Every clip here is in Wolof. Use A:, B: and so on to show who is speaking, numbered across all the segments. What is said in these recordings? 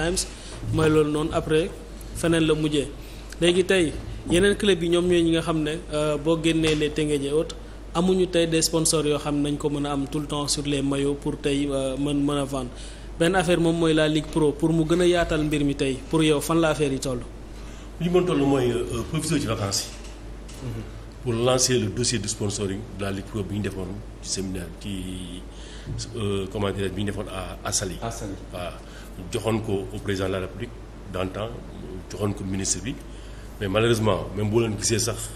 A: Times mooy loolu noonu après feneen la mujjee léegi tey yeneen club yi ñoom ñooy ñi nga xam ne euh, boo génnee les Teungueth et autres amuñu tey des sponsors yoo xam ne nañ ko mën a am tout le temps sur les maillots pour tey euh, mën mën a vendre benn affaire moom mooy la Ligue Pro pour mu gën a yaatal mbir mi tey pour yow fan la affaire yi toll. li ñu mën toll mooy euh, profiter ci vacances mhm. pour lancer le dossier de sponsoring de la Ligue Pro bi ñu defoon ci séminaire ci comment bi ñu defoon joxoon ko au président de la république dans le temps joxoon ko ministre bi mais malheureusement même boo leen gisee sax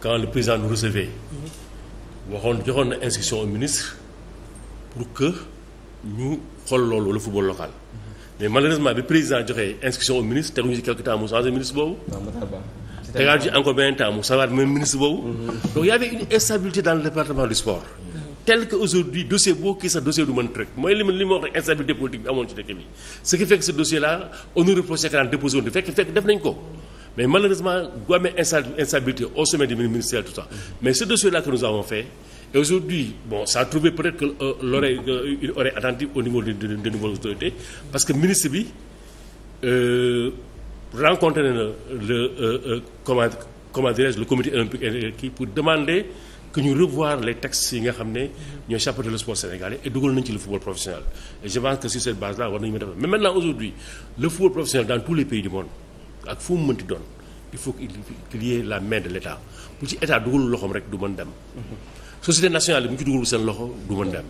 A: quand le président nous recevait waxoon joxoon na instruction au ministre pour que ñu xool loolu le football local mais malheureusement bi président joxee instruction au ministre teguñu ci quelque temps mu changé ministre boobu tegaat ci encore beneen temps mu savaat même ministre boobu mhm. donc y avait une instabilité dans le département du sport tel que aujourd'hui dossier boo kii sax dossier du mën truc mooy li ma rek instabilité politique bi amoon ci dëkk bi ce qui fait ce dossier là on nous reprochait fekk fekk def nañ ko mais malheureusement bu amee instabilité au sommet du ministère tout ça mais ce dossier là que nous avons fait aujourd'hui bon ça a trouvé peut-être que euh, l'oreille euh, une oreille attentive au niveau des de, de nouvelles parce que ministre bi euh, na le euh, euh, comment comment dirais kii pour demander que ñu revoir les textes yi nga xam ne ñooy chapeauté le sport sénégalais et dugal nañ ci le football professionnel je pense que sur cette base là war nañu ma def la main de l'état bu ci état dugalul loxoom rek du mën dem société nationale bu ci dugalul seen loxo du mën dem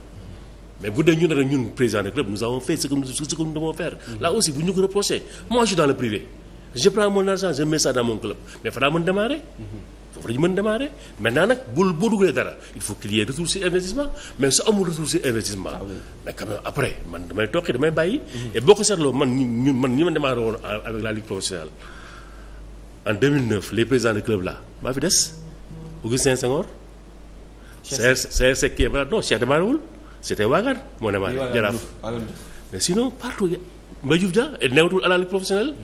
A: mais bu dee ñun rek ñun président de club nous avons fait ce que nous ce que nous devons faire aussi bu ñu ko reproché moi je suis dans le privé je prends mon argent je mets ça dans mon foofu la ñu mën démarrer maintenant nag bul boo dugalee dara il faut qu'il y investissement mais su amul retour sur investissement. Ah mais quand après man damay toog damay bàyyi. Mhm. et boo ko seetloo man ñun man ñi ma démarré woon avec la ligue professionnelle en 2009 les présidents de club la maa fi des Augustin Senghor. CRC CRC kii voilà non Cheikh démarré wul moo démarré Jaraaf mais sinon partout Mbaye Diouf Dia nekkatul à la ligue professionnelle.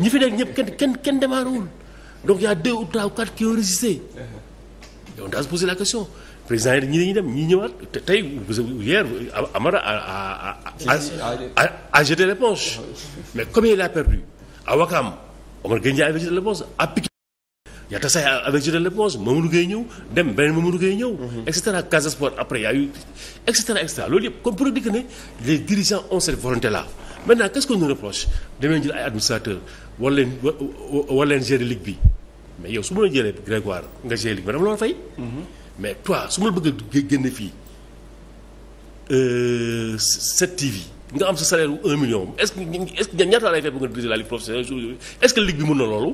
A: ñi fi nekk ñëpp kenn kenn kenn wul. donc il y a deux ou trois ou quatre qui ont résisté. on doit se poser la question président yi ñi dañuy dem ñi ñëwaat te tey hier Amara a a a a jeté l'éponge mais combien il a perdu à Wakam Omar Gueye Ndiaye avait jeté l'éponge à Pikine Yatta Say avait jeté l'éponge Mamadou Gueye ñëw dem beneen Mamadou Gueye ñëw. Mhm. et cetera Casa Sport après y a eu et cetera loolu yëpp comme pour dire que ne les dirigeants ont cette volonté là. maintenant qu'est-ce qu'on nous reproche dañu leen ay administrateurs war leen war leen gérer ligue bi. mais yow su ma la jëlee Grégoire nga Gélique ma dama la war fay. mais toi su ma la bëgg a génne fii 7TV euh, nga am sa salaire bu million est-ce que est nga diriger la ligue bi mën na loolu.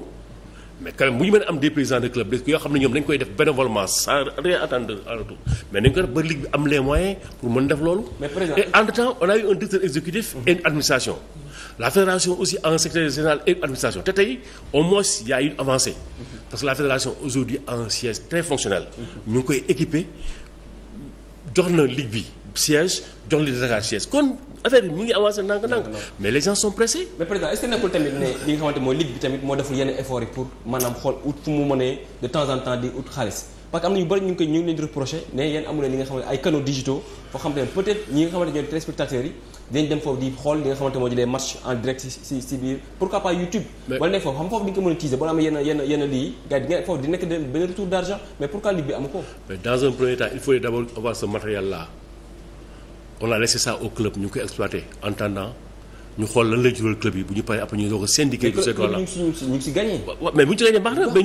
A: mais quand même ñu mën am des présidents de club yoo xam ne ñoom dañ koy def bénévolement sans rien attendre en retour mais nañ ko def ba ligue bi am les moyens pour mën def loolu. mais président temps on a eu un directeur exécutif. et une administration. la fédération au parce que la fédération aujourd'hui en un siège très fonctionnel. ñu ngi koy équipé jox na ligue bi siège jox li Dakar siège kon affaire bi mu ngi avancé ndànk-ndànk. mais les gens sont mais président est-ce que nekkul tamit dem foofu di xool li nga xamante moo di les en direct si si si biir pourquoi pas YouTube wala nekk foofu xam foofu di nga ko monétiser boo amee yenn yenn yenn lii gars di nga foofu di nekk benn retour d'argent mais pourquoi ligue bi amu ko mais dans il faut d'abord avoir ce matériel là on a laissé ça au club ñu koy exploité en attendant ñu xool lan la jural club yi bu ñu paree après ñu doog a syndiqué. du secteur là mais mais bu ñu si gagné baax na mais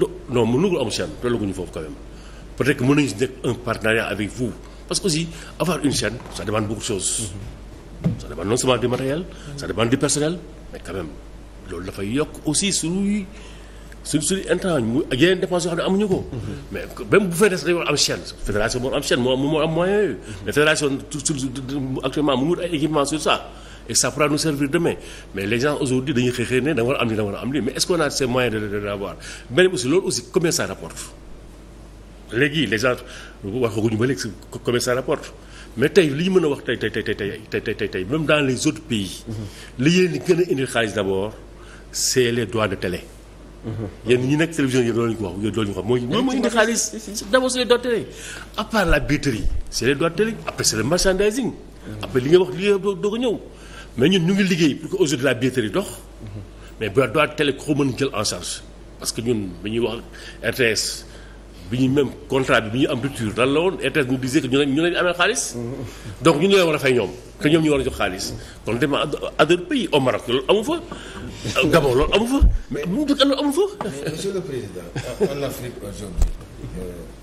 A: nous foofu quand même peut-être que mën nañu si nekk un partenariat avec vous parce que aussi avoir une chaîne ça demande beaucoup de choses. Mm-hmm. ça non seulement du matériel. ça demande du personnel mais quand loolu dafay yokk aussi suñuy. su suñu intrant mu ak yeneen dépenses yoo xam ne amuñu ko. mais même bu fekkee dañoo am chaîne fédération moo am chaîne moo moo am moyen yooyu. mais fédération actuellement mu ngi wut ay équipements sur a am lii da nga war a am lii mais est-ce qu'on a ces moyens de de de l'avoir beneen aussi loolu aussi combien ça rapporte léegi les gens waxaguñu ba léegi combien ça rapporte mais tey li ñu mën a wax tey tey tey tey tey tey tey même dans les autres pays. Mm-hmm. li yéen gën a indil xaalis d'abord c'est les droits de télé. Mhm. yéen ñi nekk télévision yi loolu ñu ko wax loolu ñu ko wax mooy. loolu mooy indi xaalis d'abord c'est les doigterie à part la billetterie c'est les doigterie après c'est le merchandising. Mhm. après li nga wax li nga doog a ñëw mais ñun ñu ngi liggéey pour que aujourd'hui la billetterie dox. Mhm. mais bu la doigterie ko mën jël en charge parce que ñun dañuy wax RTS. bi ñu même contrat bi bi ñu am rupture lan la woon ETS nous disait que ñu ne ñu leen amee xaalis. donc ñu la war a fay ñoom te ñoom ñu war a jox xaalis. kon dem à à d'autres pays au Maroc loolu amu fa. Gabon loolu amu fa. mais bu mu dëkk amu fa. monsieur le président